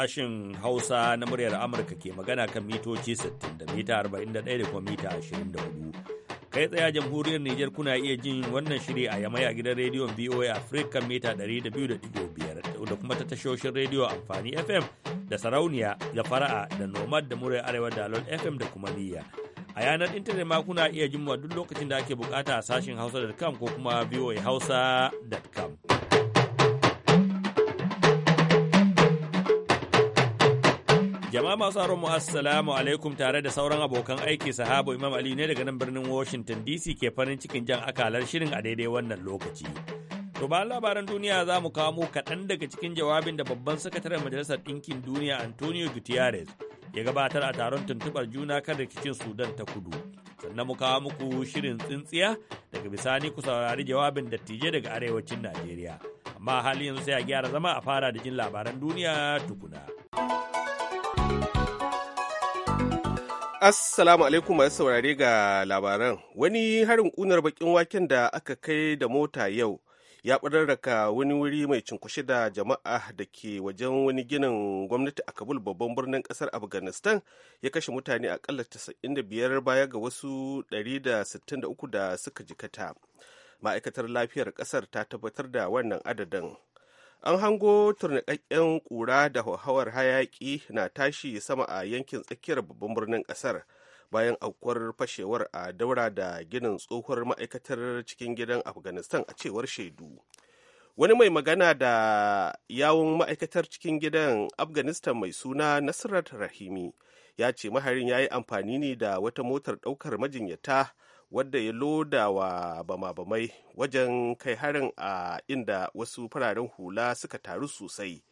Sashen Hausa na muryar Amurka ke magana kan mitoci 60 da mita 41 da kuma mita 24. Kai tsaya jamhuriyar Nijar kuna iya jin wannan shiri a yamai a gidan rediyon VOA Africa mita 200.5 da kuma ta tashoshin rediyo amfani FM da sarauniya da fara'a da nomad da muryar arewa da FM da kuma niyya. a yanar intanet ma kuna iya jin duk lokacin da ake bukata a sashin hausa.com ko kuma voahausa.com. Jama'a masu mu assalamu alaikum tare da sauran abokan aiki sahabo Imam Ali ne daga nan birnin Washington DC ke farin cikin jan akalar shirin a daidai wannan lokaci. To ba labaran duniya za mu kawo mu kaɗan daga cikin jawabin da babban sakataren Majalisar Ɗinkin Duniya Antonio Gutierrez ya gabatar a taron tuntuɓar juna kan rikicin Sudan ta kudu. Sannan mu kawo muku shirin tsintsiya daga bisani ku saurari jawabin dattijai daga arewacin Najeriya. Amma hali yanzu sai a gyara zama a fara da jin labaran duniya tukuna. Assalamu alaikum masu saurare ga labaran. Wani harin kunar bakin waken da aka kai da mota yau ya ɓararraka wani wuri mai cinkushe da jama'a da ke wajen wani ginin gwamnati a Kabul babban birnin ƙasar Afghanistan ya kashe mutane akalla 95 baya ga wasu 163 da suka jikata. Ma'aikatar lafiyar ƙasar ta tabbatar da wannan adadin. an hango turnikakken ƙura da hauhawar hayaƙi na tashi sama a yankin tsakiyar babban birnin ƙasar, bayan aukuwar fashewar a daura da ginin tsohuwar ma'aikatar cikin gidan afghanistan a cewar shaidu wani mai magana da yawon ma'aikatar cikin gidan afghanistan mai suna nasirat rahimi ya ce maharin ya yi amfani ne da wata motar ɗaukar majinyata wadda ya loda wa bama-bamai wajen kai harin a inda wasu fararen hula suka taru sosai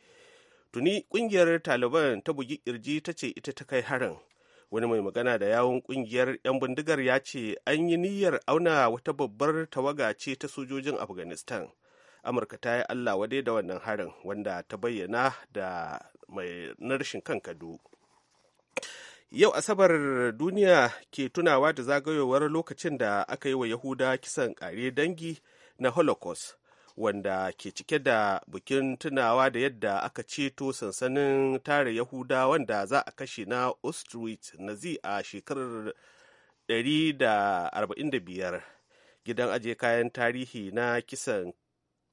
tuni kungiyar taliban ta bugi kirji ta ce ita ta kai harin wani mai magana da yawon kungiyar 'yan bindigar ya ce an yi niyyar auna wata babbar tawaga ce ta sojojin afghanistan amurka ta yi allah wadai da wannan harin wanda ta bayyana da mai narshin kan kado Yau Asabar duniya ke tunawa da zagayowar lokacin da aka yi wa Yahuda kisan kare dangi na Holocaust, wanda ke cike da bikin tunawa da yadda aka ceto sansanin tare Yahuda wanda za a kashe na Auschwitz Nazi a shekarar 145. Gidan ajiye kayan tarihi na kisan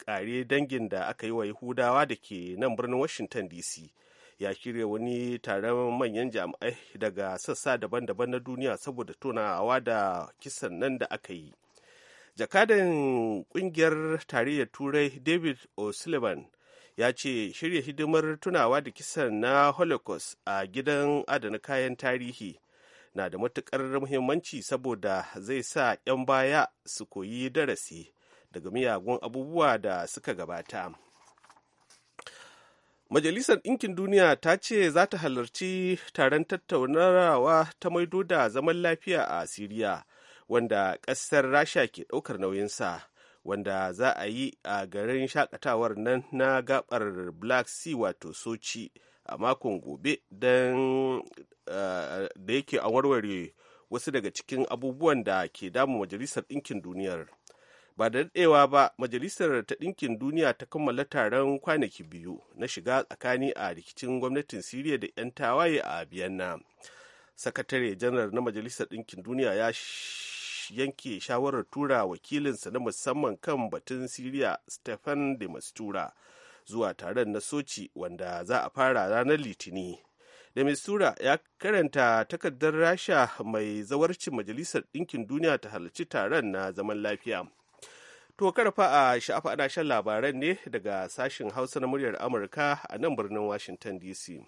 kare dangin da aka yi wa Yahudawa da ke nan birnin Washington DC. ya shirya wani taron manyan jami'ai daga sassa daban-daban na duniya saboda tunawa da kisan nan da aka yi jakadan kungiyar tarayyar turai david o'sullivan ya ce shirya hidimar tunawa da kisan na holocaust a gidan adana kayan tarihi na da matukar muhimmanci saboda zai sa 'yan baya su koyi darasi daga miyagun abubuwa da suka gabata Majalisar Ɗinkin Duniya ta ce za ta halarci taron tattaunawa ta maido da zaman lafiya a Siriya, wanda ƙasar Rasha ke ɗaukar nauyinsa, wanda za a yi a garin shakatawar nan na gabar Black Sea wato Sochi a makon gobe don eh, da yake a warware wasu daga cikin abubuwan da ke damun Majalisar Ɗinkin Duniyar. ba da daɗewa ba majalisar ta ɗinkin duniya ta kammala taron kwanaki biyu na shiga tsakani a rikicin gwamnatin siriya da 'yan tawaye a biyanna sakatare janar na majalisar ɗinkin duniya ya yanke shawarar tura wakilinsa na musamman kan batun siriya stephen de mastura zuwa taron na soci wanda za a fara ranar litini da mistura ya karanta takardar rasha mai zawarcin majalisar ɗinkin duniya ta halarci taron na zaman lafiya To karfa a sha'afa ana shan labaran ne daga sashen Hausa na muryar Amurka a nan birnin Washington DC.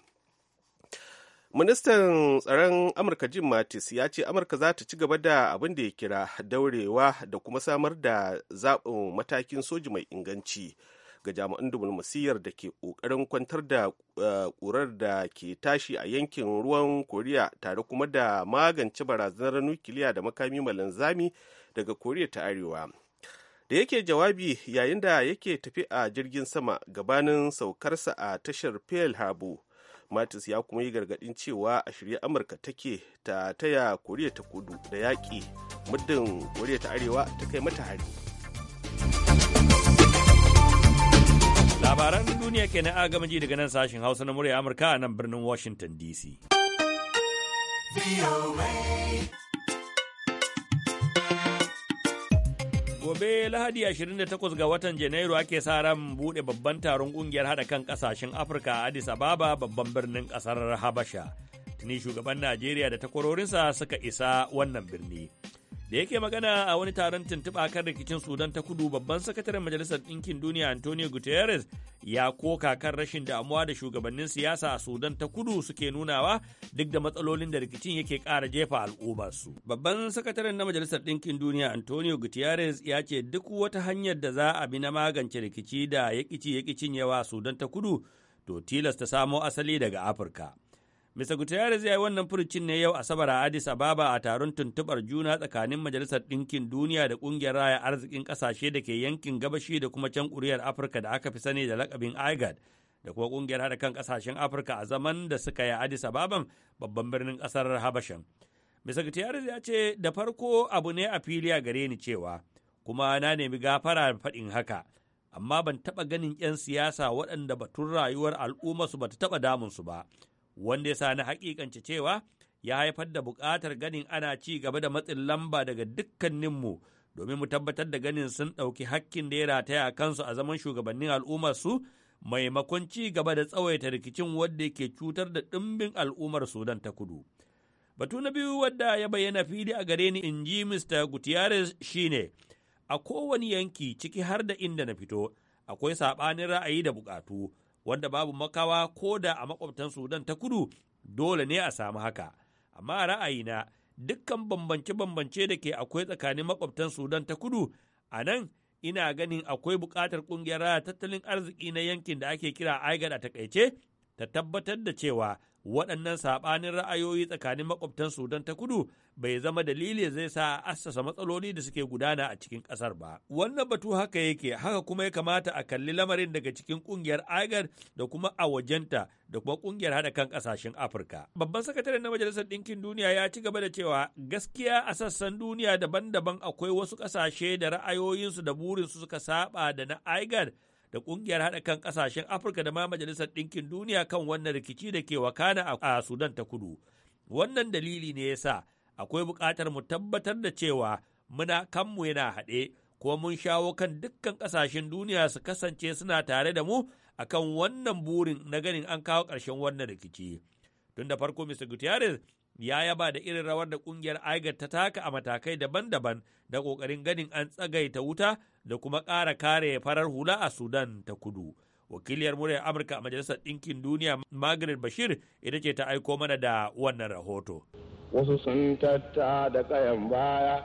Ministan tsaron Amurka Jim Mattis ya ce Amurka za ta ci gaba da abin da ya kira daurewa da kuma samar da zaɓin matakin soji mai inganci ga jami'an masiyar da ke ƙoƙarin kwantar da eh, ƙurar da ke tashi a yankin ruwan Koriya tare kuma da magance barazanar nukiliya da makami malinzami daga Koriya ta Arewa. da yake jawabi yayin da yake tafi a jirgin sama gabanin saukarsa a tashar pearl harbor matis ya kuma yi gargadin cewa a shirye amurka take ta taya koriya ta kudu da yaƙi muddin koriya ta arewa ta kai mata hari labaran duniya ke na agamaji daga nan sashen hausa na murya amurka a nan birnin washington dc Gobe Lahadi 28 ga watan Janairu ake sa ran buɗe babban taron ƙungiyar haɗa kan ƙasashen Afirka a Addis Ababa babban birnin ƙasar Habasha. Tuni shugaban Najeriya da takwarorinsa suka isa wannan birni. da yake magana a wani taron tuntuɓa kan rikicin sudan ta kudu babban sakataren majalisar ɗinkin duniya antonio guterres ya koka kan rashin damuwa da shugabannin siyasa a sudan ta kudu suke nunawa duk da matsalolin da rikicin yake ƙara jefa al'ummarsu babban sakataren na majalisar ɗinkin duniya antonio guterres ya ce duk wata hanyar da za a bi na magance rikici da yakici-yakicin yawa sudan ta kudu to tilasta samo asali daga afirka Mr. Guterres ya yi wannan furucin ne yau Asabar a Addis Ababa a taron tuntubar juna tsakanin Majalisar Ɗinkin Duniya da Ƙungiyar Raya Arzikin Ƙasashe da ke yankin gabashi da kuma can ƙuriyar Afirka da aka fi sani da lakabin IGAD da kuma ƙungiyar haɗa kan ƙasashen Afirka a zaman da suka yi Addis Ababan babban birnin ƙasar Habashan. Mr. Guterres ya ce da farko abu ne a fili a gare ni cewa kuma na nemi gafara faɗin haka. Amma ban taɓa ganin 'yan siyasa waɗanda batun rayuwar al'umma ba ta taɓa damunsu ba. wanda ya sa na hakikance cewa ya haifar da bukatar ganin ana ci gaba da matsin lamba daga dukkaninmu domin mu tabbatar da ganin sun ɗauki hakkin da ya rataya a kansu a zaman shugabannin al'ummarsu maimakon ci gaba da tsawaita rikicin wadda ke cutar da ɗimbin al'ummar sudan ta kudu batu na biyu wadda ya bayyana fili a gare ni in ji mr gutierrez shine a kowane yanki ciki har da inda na fito akwai saɓanin ra'ayi da bukatu wanda babu makawa ko da a makwabtan Sudan ta kudu dole ne a samu haka. Amma ra'ayina dukkan bambance-bambance da ke akwai tsakanin makwabtan Sudan ta kudu a nan ina ganin akwai buƙatar ƙungiyar tattalin arziki na yankin da ake kira IGAD a takaice ta tabbatar da cewa waɗannan saɓanin ra'ayoyi tsakanin makwabtan sudan ta kudu bai zama dalili zai sa a assasa matsaloli da suke gudana a cikin ƙasar ba wannan batu haka yake haka kuma ya kamata a kalli lamarin daga cikin ƙungiyar agar da kuma a wajenta da kuma ƙungiyar haɗa kan ƙasashen afirka babban sakataren na majalisar ɗinkin duniya ya ci gaba da cewa gaskiya a sassan duniya daban-daban akwai wasu ƙasashe da ra'ayoyinsu da burinsu suka saɓa da na agar da kungiyar haɗa kan ƙasashen Afirka da ma Majalisar Ɗinkin Duniya kan wannan rikici da ke wakana a Sudan ta kudu. Wannan dalili ne yasa akwai buƙatar mu tabbatar da cewa muna kanmu yana haɗe ko mun shawo kan dukkan ƙasashen duniya su kasance suna tare da mu akan wannan burin na ganin an kawo ƙarshen wannan rikici. Tun da farko Mr. Gutierrez ya yaba da irin rawar da kungiyar aigar ta taka a matakai daban-daban da kokarin ganin an tsagaita wuta da kuma ƙara kare farar hula a Sudan ta kudu. Wakiliyar muryar Amurka a Majalisar Ɗinkin Duniya Margaret Bashir ita ce ta aiko mana da wannan rahoto. Wasu sun tatta da kayan baya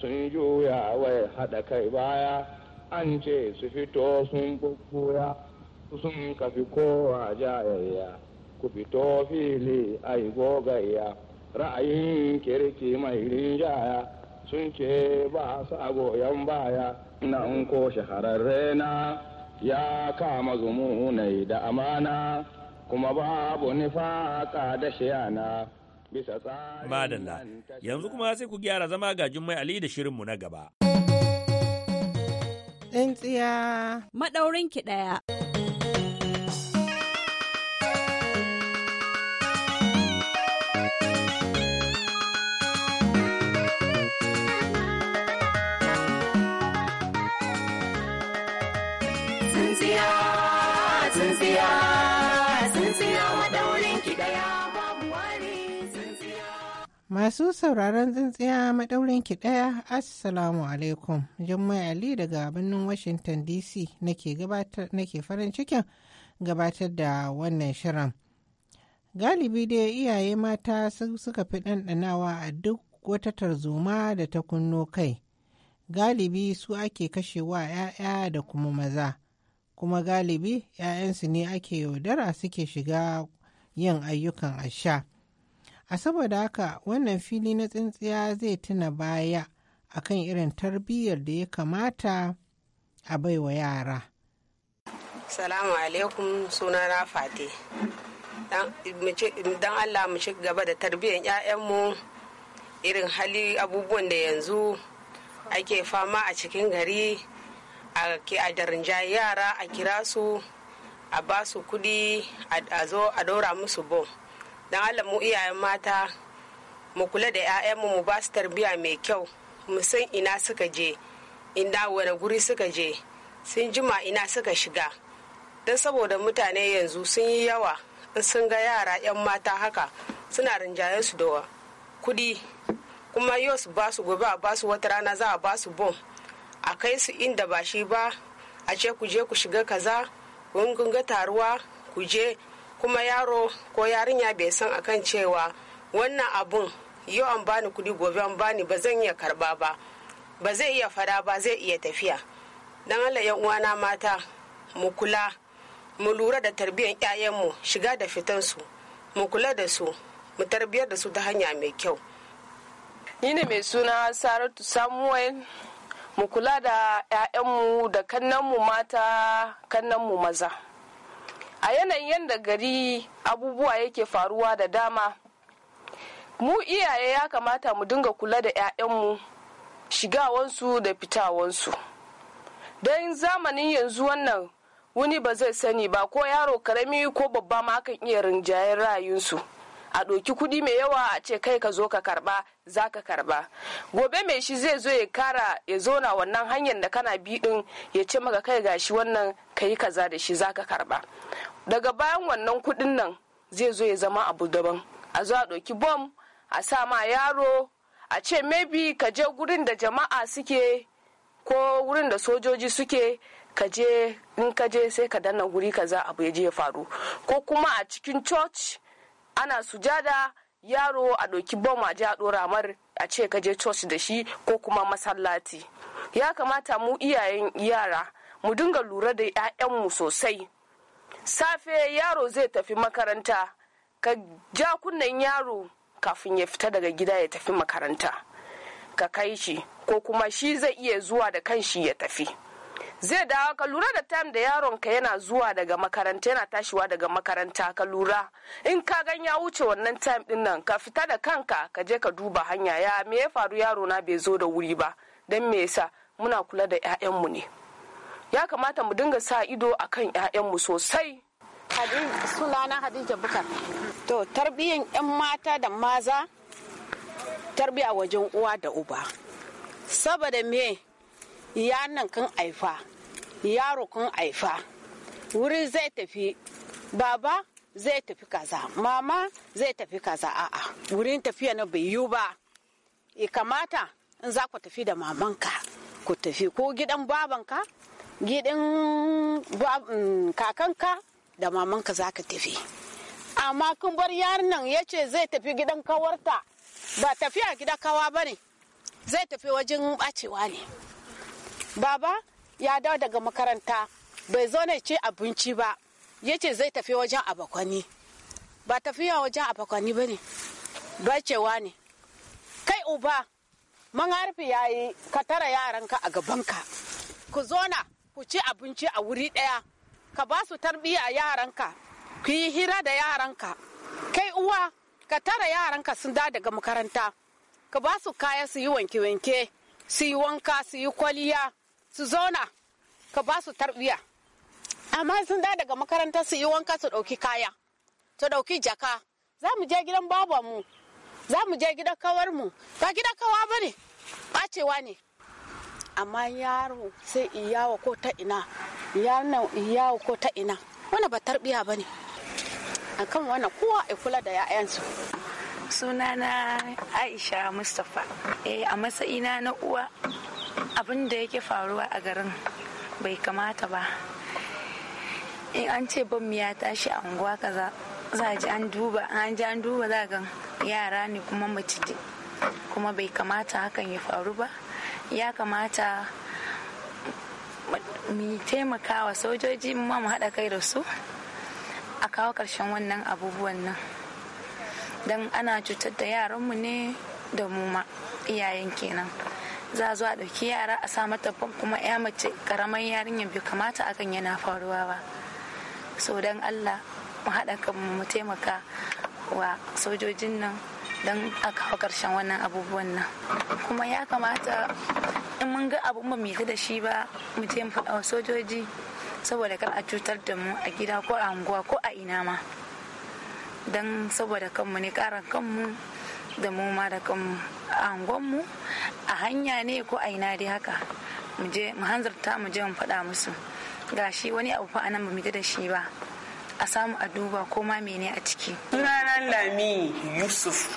sun juya wai haɗa kai baya an ce su fito sun bubbuya sun kafi kowa jayayya ku fito fili ai gogayya. ra'ayin kirki mai rinjaya sun ce ba sa goyon baya nan ko shahararre na ya kama zumunai da amana kuma babu nifaka da shiyana bisa tsari madalla yanzu kuma sai ku gyara zama ga jummai ali da shirinmu na gaba tsintsiya maɗaurinki ɗaya Masu sauraron tsintsiya maɗaurin ki ɗaya, Assalamu alaikum. Jummai Ali daga birnin Washington DC nake farin cikin gabatar da wannan shirin. Galibi dai iyaye mata suka fi ɗanɗanawa a duk wata tarzoma da ta kunno kai. Galibi su ake kashewa 'ya'ya da kuma maza, kuma galibi 'ya'yansu ne ake yaudara suke shiga yin ayyukan asha. a saboda haka wannan fili na tsintsiya zai tuna baya a kan irin tarbiyyar da ya kamata a baiwa yara salamu alaikum suna na fate don allah mu ci gaba da tarbiyyar 'ya'yanmu irin hali abubuwan da yanzu ake fama a cikin gari a darinja yara a kira su a ba su kudi a zo a daura musu bom dan allah mu iyayen mata mu kula da 'ya'yanmu mu ba su tarbiyya mai kyau mu san ina suka je inda wani guri suka je sun jima ina suka shiga don saboda mutane yanzu sun yi yawa in sun ga yara 'yan mata haka suna rinjayen su da kudi kuma yau su ba su gobe a ba su wata rana za a ba su bom a kai su inda ba shi ba a ce ku je ku shiga kaza kun ga taruwa ku je kuma yaro ko yarinya bai san akan cewa wannan abun yau an bani kudi gobe an bani ba zan iya karba ba ba zai iya fada ba zai iya tafiya don allah yan uwana mata mu kula mu lura da tarbiyyar 'ya'yanmu shiga da fitan su mu kula da su mu tarbiyar da su ta hanya mai kyau ni ne mai suna saratu samuel mu kula da 'ya'yanmu da kannanmu mata kannanmu maza a yanayin yadda gari abubuwa yake faruwa da dama mu iyaye ya kamata mu dinga kula da 'ya'yanmu shigawansu da fitawansu don zamanin yanzu wannan wuni ba zai sani ba ko yaro karami ko babba ma kan iya rinjayen rayunsu a ɗauki kuɗi mai yawa a ce kai ka zo ka karba za ka karba gobe mai shi zai zo ya kara ya zona wannan hanyar da kana bi din ya ce maka kai gashi wannan ka yi kaza da shi za ka karba daga bayan wannan kuɗin nan zai zo ya zama abu daban a zo a ɗauki bom a sa ma yaro a ce maybe ka je gurin da jama'a suke ko wurin da sojoji suke ka je in ka je sai ka danna guri kaza abu ya je ya faru ko kuma a cikin church ana sujada yaro a ɗauki bom a ji a ɗora mar a ce ka je coci da shi ko kuma masallaci ya kamata mu iyayen yara mu dinga lura da 'ya'yanmu sosai safe yaro zai tafi makaranta ka ja kunnen yaro kafin ya fita daga gida ya tafi makaranta ka kai shi ko kuma shi zai iya zuwa da kanshi ya tafi zai dawo ka lura da time da yaron ka yana zuwa daga makaranta yana tashiwa daga makaranta ka lura in ka gan ya wuce wannan time din nan ka fita da kanka ka je ka duba hanya ya me ya faru yaro na bai zo da wuri ba dan me yasa muna kula da 'ya'yanmu ne ya kamata mu dinga sa ido akan 'ya'yanmu sosai sunana Hadija Bukar. To tarbiyyan 'yan mata da maza tarbiya wajen uwa da uba. Saboda me ya nan kan aifa yaro kan aifa wuri zai tafi baba zai tafi kaza mama zai tafi kaza a'a wurin tafiya na bai yiwu ba e kamata in za ku tafi da mamanka ku tafi ko gidan babanka gidan mm, kakanka da mamanka za ka tafi amma kun bar nan ya ce zai tafi gidan kawarta ba tafiya gida kawa ba ne zai tafi wajen bacewa ne baba ya dawo daga makaranta bai zo ne ce abinci ba ya ce zai tafi wajen abakwani ba tafiya wajen abakwani ba ne cewa ne kai uba man harfi ya yi ka tara yaranka a gabanka ku zona ku ci abinci a wuri ɗaya ka ba su tarbiya yaranka ku yi hira da yaranka kai uwa ka tara yaranka sun da daga makaranta ka ba su kaya su yi wanke-wanke su yi wanka su yi kwaliya su zauna ka ba su tarbiya amma sun da daga makarantar su yi wanka su ɗauki kaya su ɗauki jaka za mu je gidan babanmu za mu je gidan kawarmu ba gidan kawa ba ne ɓacewa ne amma yaro sai iyawa ko ta ina yaro iyawa ko ta ina wani ba tarbiya ba ne a kan wani kowa ya kula da 'ya'yansu sunana aisha mustapha eh a matsayina na uwa abin da yake faruwa a garin bai kamata ba in an ce bam ya tashi a unguwa kaza za ji an duba an ji an duba za ga yara ne kuma mace kuma bai kamata hakan ya faru ba ya kamata mu taimaka wa sojoji ma mu haɗa kai da su a kawo ƙarshen wannan abubuwan nan don ana cutar da yaranmu ne da mu ma iyayen kenan za a zo a ɗauki yara a sa mata kuma ya mace karamar yarinyar bai kamata akan yana faruwa ba so don allah mu haɗa kan mu taimaka wa sojojin nan don a kawo ƙarshen wannan abubuwan nan kuma ya kamata in mun ga abu ba mu da shi ba mu taimaka wa sojoji saboda kar a cutar da mu a gida ko a unguwa ko a ina ma don saboda kanmu ne karan kanmu da mu ma da kanmu a angonmu a hanya ne ko a ina dai haka mu mu hanzarta mu je mu faɗa musu Ga shi wani abu fa anan ba mu da shi ba a samu a duba ko ma mene a ciki sunanan lami yusuf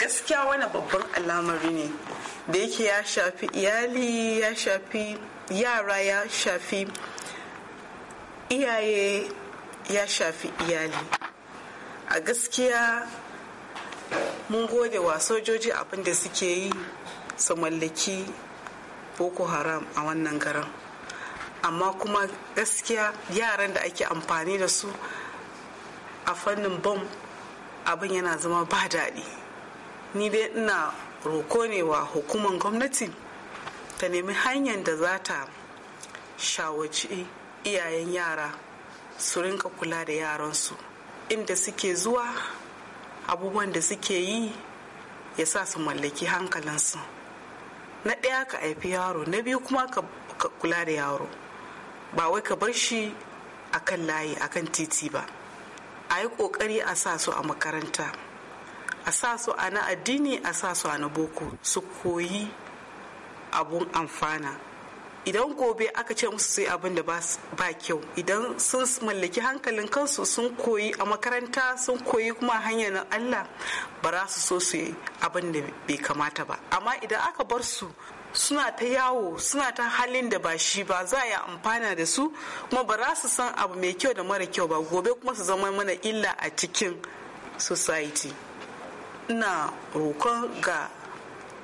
gaskiya wani babban al'amari ne da yake ya shafi iyali ya shafi yara ya shafi iyaye ya shafi iyali a gaskiya mun gode wa sojoji abin da suke yi su mallaki boko haram a wannan garin amma kuma gaskiya yaran da ake amfani da su a fannin bom abin yana zama ba daɗi ni dai ina roko ne wa hukumar gwamnati ta nemi hanyar da za ta shawarci iyayen yara su rinka kula da yaransu inda suke zuwa abubuwan da suke yi ya sa su mallaki hankalinsu na ɗaya ka aifi yaro na biyu kuma ka kula da yaro ba wai ka bar shi a kan layi a kan titi ba a yi ƙoƙari a sa su a makaranta a sa su a na addini a sa su a na boko su koyi abun amfana idan gobe aka ce musu su yi abin da ba kyau idan sun mallaki hankalin kansu sun koyi a makaranta sun koyi kuma hanyar na allah ba za su so su yi abin da bai kamata ba amma idan aka bar su suna ta yawo suna ta halin da ba shi ba za a yi amfana da su kuma ba za su san abu mai kyau da mara kyau ba gobe kuma su zama mana illa a cikin society na roƙon ga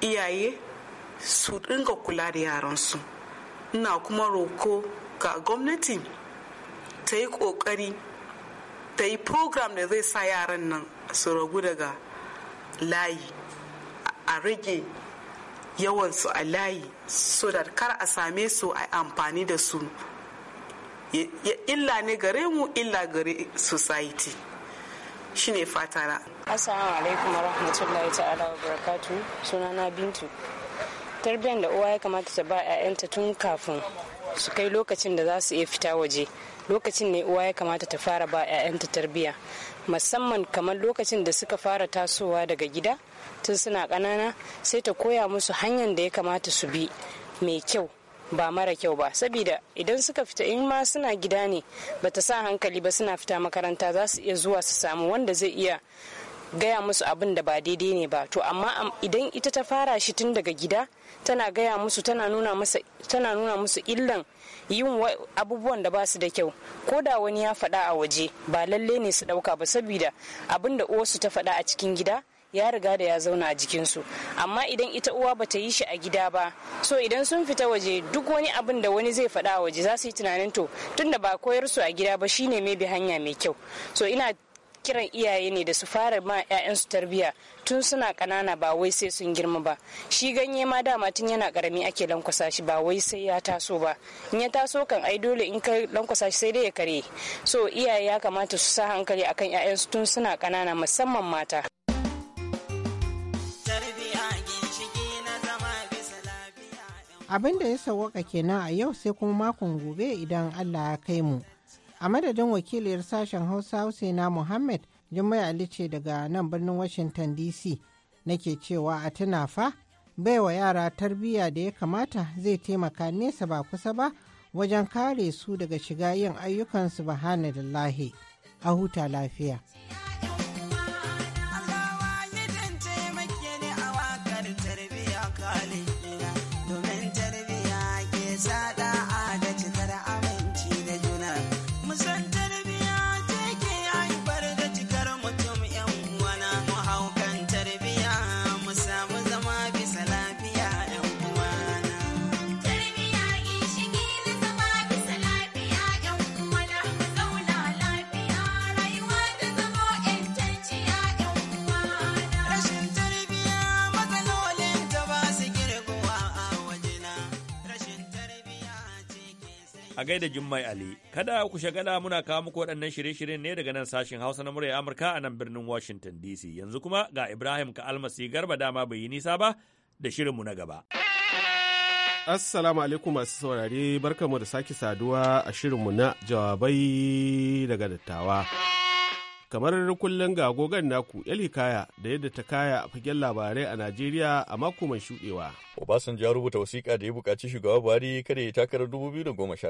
iyaye su dinga kula da yaransu ina kuma roko ga gwamnati ta yi kokari ta yi program da zai sa yaran nan su ragu daga layi a rage yawansu a layi so da kar a same su a amfani da su illa ne gare mu illa gare society shine fatara assalamu alaikum warahmatullahi ta'ala wa barakatu sunana bintu tarbiyyar da uwa ya kamata ta ba 'ya'yanta tun kafin su kai lokacin da za su iya fita waje lokacin ne uwa ya kamata ta fara ba 'ya'yanta tarbiyya musamman kamar lokacin da suka fara tasowa daga gida tun suna ƙanana sai ta koya musu hanyar da ya kamata su bi mai kyau ba mara kyau ba saboda idan suka fita in ma suna gida ne ba ta sa hankali ba suna fita makaranta za su iya zuwa su samu wanda zai iya gaya musu abin da ba daidai ne ba to amma idan ita ta fara shi tun daga gida tana gaya musu tana nuna musu illan yin abubuwan da ba su da kyau ko da wani ya faɗa a waje ba lalle ne su ɗauka ba saboda abin da uwarsu ta faɗa a cikin gida ya riga da ya zauna a jikinsu amma idan ita uwa ba ta yi shi a gida ba so idan sun fita waje duk wani abin da wani zai faɗa a waje za su yi tunanin to tunda ba koyar su a gida ba shine mai bi hanya mai kyau so ina kiran iyaye ne da su fara ma 'ya'yansu tarbiyya tun suna kanana ba wai sai sun girma ba shi ganye ma dama tun yana karami ake lankwasa shi ba wai sai ya taso ba in ya taso kan ai dole in ka lankwasa shi sai dai ya kare so iyaye ya kamata su sa hankali akan 'ya'yansu tun suna kanana musamman mata abin da ya sauwaka kenan a yau sai kuma makon gobe idan allah ya kai mu a madadin wakiliyar sashen hausa husaina muhammad jummai ali ce daga nan birnin washington dc nake cewa a tuna fa baiwa yara tarbiyya da ya kamata zai taimaka nesa ba kusa ba wajen kare su daga shiga yin ayyukan subhanallahi a huta lafiya. a gaida Jummai Ali. Kada ku shagala muna kawo muku waɗannan shirye-shiryen ne daga nan sashin Hausa na murya Amurka a nan birnin Washington DC. Yanzu kuma ga Ibrahim ka almasi garba dama bai yi nisa ba da shirinmu na gaba. Assalamu alaikum masu saurare barkamu da sake saduwa a shirinmu na jawabai daga dattawa. kamar kullum ga gogan naku yali kaya da yadda ta kaya a fagen labarai a najeriya a mako mai shudewa obasanjo ya rubuta wasiƙa da ya buƙaci shugaba buhari kada ya takarar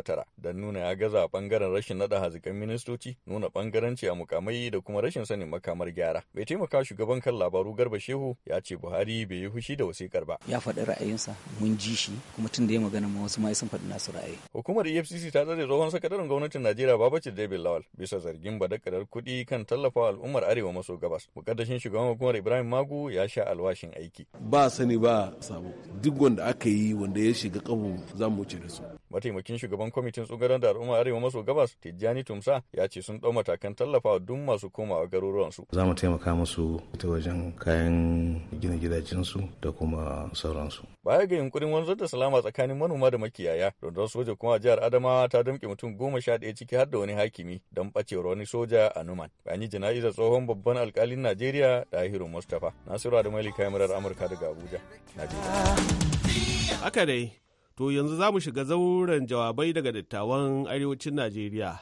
tara don nuna ya gaza a ɓangaren rashin naɗa hazikan ministoci nuna ɓangaranci a mukamai da kuma rashin sanin makamar gyara bai taimaka shugaban kan labaru garba shehu ya ce buhari bai yi fushi da wasiƙar ba ya faɗi ra'ayinsa mun ji shi kuma tun da ya magana ma wasu ma sun faɗi nasu ra'ayi hukumar efcc ta tsare tsohon sakataren gwamnatin najeriya babacin david lawal bisa zargin badakarar kuɗi kan tallafa al'ummar arewa maso gabas mukaddashin shugaban hukumar ibrahim magu ya sha alwashin aiki ba sani ba sabo duk wanda aka yi wanda ya shiga kabo za mu wuce da su mataimakin shugaban kwamitin tsogaran da al'umma arewa maso gabas tijjani tumsa ya ce sun ɗau matakan tallafawa duk masu komawa su za mu taimaka musu ta wajen kayan gina gidajensu da kuma sauransu baya ga yunkurin wanzar da salama tsakanin manoma da makiyaya rundunar soja kuma jihar adamawa ta damƙe mutum goma sha ɗaya ciki har da wani hakimi don ɓacewar wani soja a numan bayan jana'izar tsohon babban alkalin najeriya dahiru mustapha nasiru adamali murar amurka daga abuja najeriya haka dai To yanzu za mu shiga zauren jawabai daga dattawan arewacin Najeriya.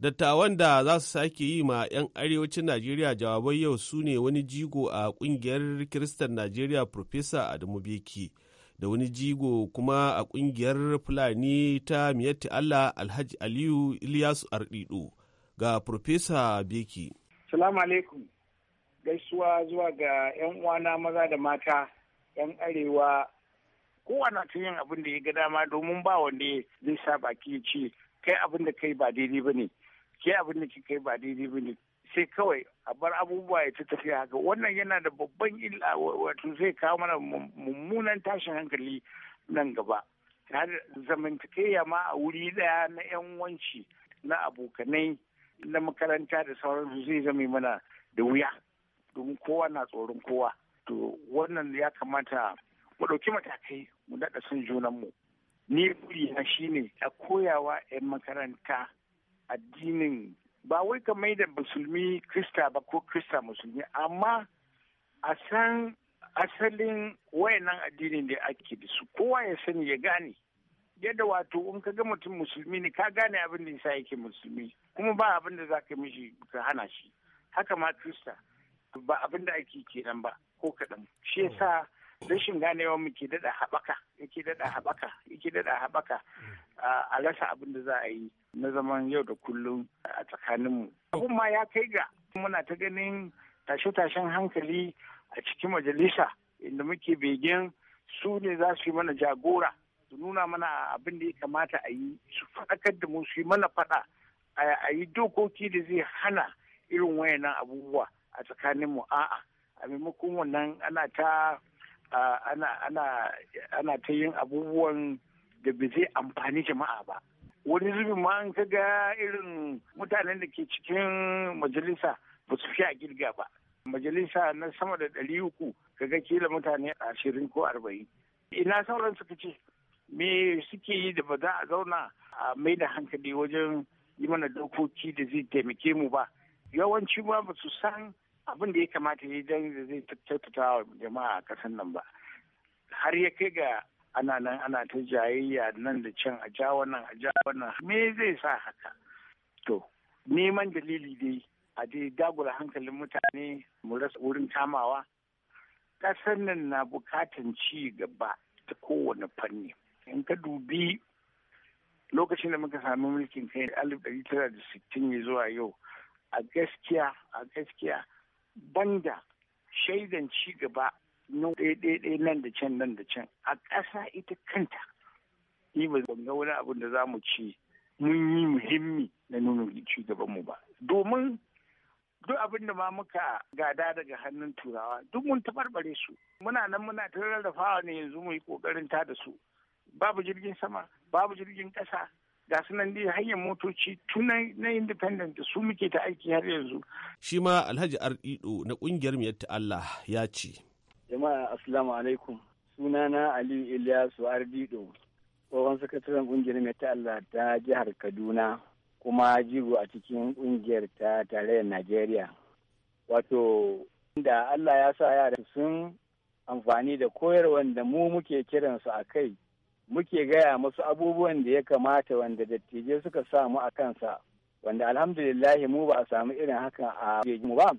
Dattawan da za su sake yi ma 'yan arewacin Najeriya jawabai yau su ne wani jigo a kungiyar Kiristan Najeriya Profesa Adamu Beki da wani jigo kuma a kungiyar Fulani ta Miyatti Allah Alhaji Aliyu Ilyasu Ardido ga Profesa Beki. Salamu alaikum. Gaisuwa zuwa ga 'yan uwana maza da mata 'yan arewa kowa na tun yin abin da ya ga dama domin ba wanda zai sa baki ya ce kai abin da kai ba daidai ba ne kai abin da kai ba daidai ba ne sai kawai a bar abubuwa ya ta tafiya haka wannan yana da babban illa wato zai kawo mana mummunan tashin hankali nan gaba har zamantakeya ma a wuri daya na yan wanci na abokanai na makaranta da sauransu zai zama mana da wuya domin kowa na tsoron kowa to wannan ya kamata mu ɗauki matakai mu daɗa son junanmu ni shi shine a koyawa 'yan makaranta addinin ba wai ka mai da musulmi krista ba ko krista musulmi amma a san asalin wayannan addinin da ake da su kowa ya sani ya gane yadda wato in ka ga mutum musulmi ne ka gane abin da yasa yake musulmi kuma ba abin da za ka mishi ka hana shi haka ma krista ba abin da ake kenan ba ko kaɗan shi yasa rashin ganewa mu ke daɗa haɓaka yake dada haɓaka yake dada haɓaka a rasa abin da za a yi na zaman yau da kullum a tsakaninmu. Abun ma ya kai ga muna ta ganin tashe-tashen hankali a cikin majalisa inda muke begen su ne za su yi mana jagora su nuna mana abin da ya kamata a yi su faɗakar da mu su yi mana faɗa a yi dokoki da zai hana irin wayannan abubuwa a tsakaninmu a'a a maimakon wannan ana ta ana ta yin abubuwan da bai zai amfani jama'a ba wani zubin ma an kaga irin mutanen da ke cikin majalisa ba su fi a girga ba majalisa na sama da ɗari uku kaga kila mutane ashirin ko arba'in ina sauran suka ce me suke yi da ba za a zauna a mai da hankali wajen yi mana dokoki da zai taimake mu ba yawanci ma ba su san abin da ya kamata ya yi don zai wa jama'a a ƙasar nan ba har ya kai ga ana nan ana ta jayayya nan da can a ja wannan a ja wannan me zai sa haka to neman dalili dai a dai dagula hankalin mutane mu rasa wurin kamawa ƙasar nan na bukatan ci gaba ta kowane fanni in ka dubi lokacin da muka sami mulkin kai alif ɗari tara da sittin zuwa yau a gaskiya a gaskiya banda shaidan ci gaba na ɗaiɗaiɗai nan da can nan da can a ƙasa ita kanta ni ba ga wani abin da za mu ci mun yi muhimmi na nuna ci gaban mu ba domin duk abin da ma muka gada daga hannun turawa duk mun tabarbare su muna nan muna ta fawa ne yanzu mu yi kokarin ta da su babu jirgin sama babu jirgin ƙasa ga su nan dai hanyar motoci tun na independent su muke ta aiki har yanzu. Shi ma Alhaji Ardido na kungiyar Miyar ta Allah ya ce. Jama'a Assalamu alaikum. Sunana Aliyu Ilyasu Ardido, tsohon sakataren kungiyar Miyar ta Allah ta jihar Kaduna kuma jigo a cikin kungiyar ta tarayyar Najeriya. Wato, da Allah ya sa yara sun amfani da koyarwa da mu muke kiransu a kai muke gaya masu abubuwan da ya kamata wanda dattijai suka samu a kansa wanda alhamdulillahi mu ba a samu irin haka a mu ba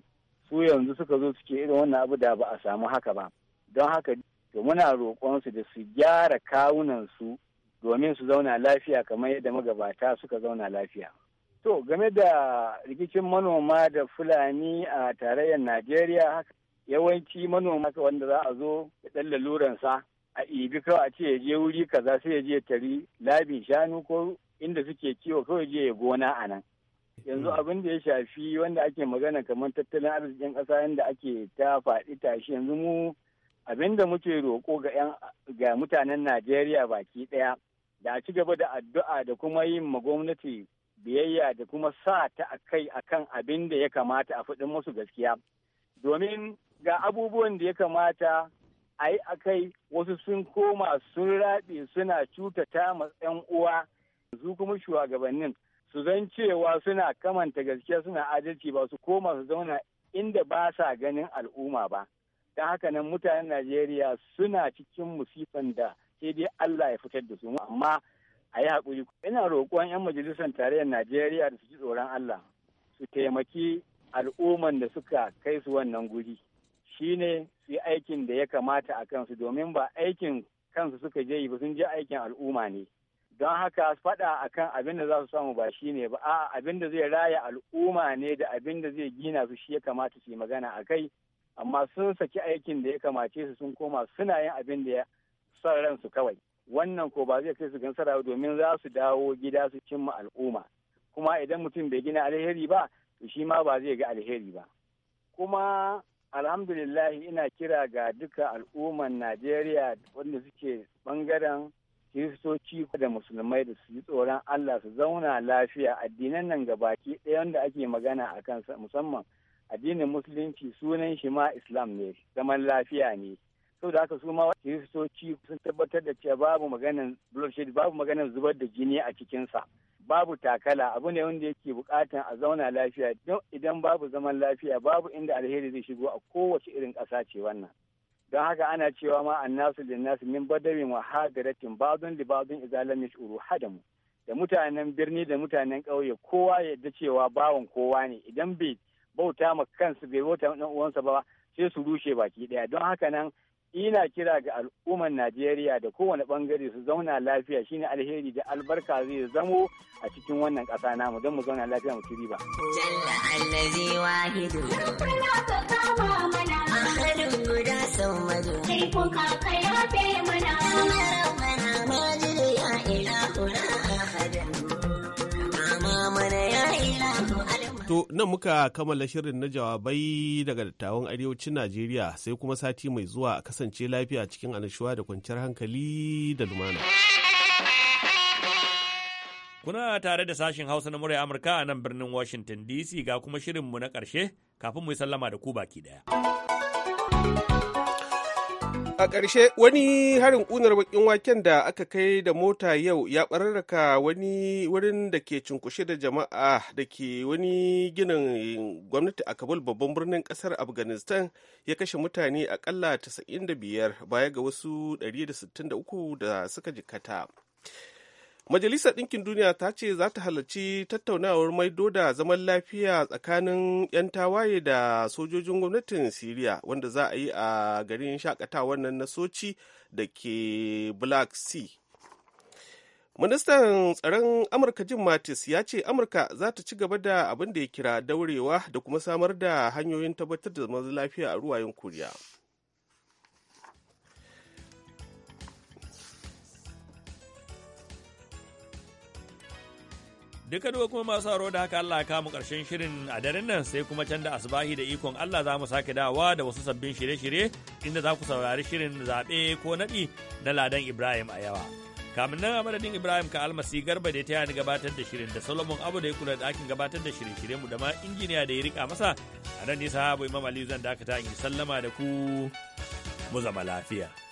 su yanzu suka zo suke irin wannan abu da ba a samu haka ba don haka to muna roƙonsu da su gyara kawunansu domin su zauna lafiya kamar yadda magabata suka zauna lafiya to game da rikicin manoma da fulani a tarayyar najeriya yawanci manoma wanda za a zo da ɗan a ibi kawai a ce ya je wuri kaza sai ya je tari labin shanu ko inda suke kiwo kawai je ya gona a nan yanzu hmm. abin da ya shafi wanda ake magana kamar tattalin arzikin ƙasa yadda ake ta faɗi tashi yanzu mu abin da muke roƙo ga ga mutanen Najeriya baki ɗaya da a ci gaba da addu'a da kuma yin ma gwamnati biyayya da kuma sa ta a kai a kan abin da ya kamata a faɗin musu gaskiya domin ga abubuwan da ya kamata ai akai wasu sun koma sun raɓe suna cutata ma 'yan uwa su kuma shugabannin su zan cewa suna kamanta gaskiya suna adalci ba su koma su zauna inda ba sa ganin al'umma ba ta haka nan mutanen najeriya suna cikin musifan da sai dai allah ya fitar da su amma a yi haƙuri ina roƙon 'yan majalisar tarayyar najeriya da su ji tsoron allah su taimaki al'umman da suka kai su wannan guri shine su yi aikin da ya kamata a kansu domin ba aikin kansu suka je yi ba sun je aikin al'umma ne don haka faɗa akan abin da za su samu ba shi ne ba A'a, abin da zai raya al'umma ne da abin da zai gina su shi ya kamata su yi magana a kai amma sun saki aikin da ya kamace su sun koma suna yin abin da ya san ransu kawai wannan ko ba zai kai su gansara domin za su dawo gida su cimma al'umma kuma idan mutum bai gina alheri ba to shi ma ba zai ga alheri ba kuma alhamdulillah ina kira ga duka al'umman najeriya wanda suke bangaren kiristoci da musulmai da su yi tsoron allah su zauna lafiya addinan nan gabaki ɗaya wanda ake magana a kansa musamman addinin musulunci sunan shi ma islam ne zaman lafiya ne saboda haka su ma kiristoci sun tabbatar da cewa babu maganin bloodshed babu maganan zubar da jini a cikinsa babu takala abu ne wanda yake bukatan a zauna lafiya don idan babu zaman lafiya babu inda alheri zai shigo a kowace irin ƙasa ce wannan don haka ana cewa ma annasu nasu min badawin wa hadiratin ba'dun da ba'dun idza uru hadam da mutanen birni da mutanen ƙauye kowa ya yadda cewa bawan kowa ne idan bai bauta ma kansu bai bauta ma uwansa ba sai su rushe baki daya don haka nan ina kira ga al'ummar Najeriya da kowane bangare su zauna lafiya shine alheri da albarka zai zamo a cikin wannan ƙasa namu don mu zauna lafiya mu ci riba. Jalla allazi wahidu. Rukun ya ka kama mana. Ahadun guda sau madu. Kai kuka kaka ya mana. To nan muka kammala shirin na jawabai daga dattawan arewacin Najeriya sai kuma sati mai zuwa a kasance lafiya cikin annashuwa da kwanciyar hankali da lumana. Kuna tare da sashin Hausa na murai Amurka a nan birnin Washington DC ga kuma shirin mu na karshe kafin mu yi sallama da ku baki ɗaya. A ƙarshe wani harin ƙunar bakin waken da aka kai da mota yau ya ɓararraka wani wurin da ke cunkushe da jama'a da ke wani ginin gwamnati a Kabul babban birnin ƙasar Afghanistan ya kashe mutane aƙalla 95 baya ga wasu 163 da suka jikata. Majalisar Ɗinkin Duniya ta ce za ta halarci tattaunawar maido da zaman lafiya tsakanin 'yan tawaye da sojojin gwamnatin Siriya wanda za a yi a garin shakatawar nan na Sochi da ke Black Sea. Ministan tsaron Amurka Jim Mattis ya ce Amurka za ta ci gaba da abin da ya kira daurewa da kuma samar da hanyoyin tabbatar da zaman lafiya a ruwayen Koriya. Duka duka kuma masu haro da haka Allah mu karshen shirin a daren nan sai kuma can da asubahi da ikon Allah za mu sake dawa da wasu sabbin shirye-shirye inda za ku saurari shirin zaɓe ko naɗi na Ladan Ibrahim a yawa. Kamin nan a madadin Ibrahim ka almasi garba da ta ni gabatar da shirin da Solomon Abu da ya kula da ɗakin gabatar da shirye-shirye mu da ma injiniya da ya riƙa masa a nan nisa Habu Imam Ali zan dakata in yi sallama da ku mu zama lafiya.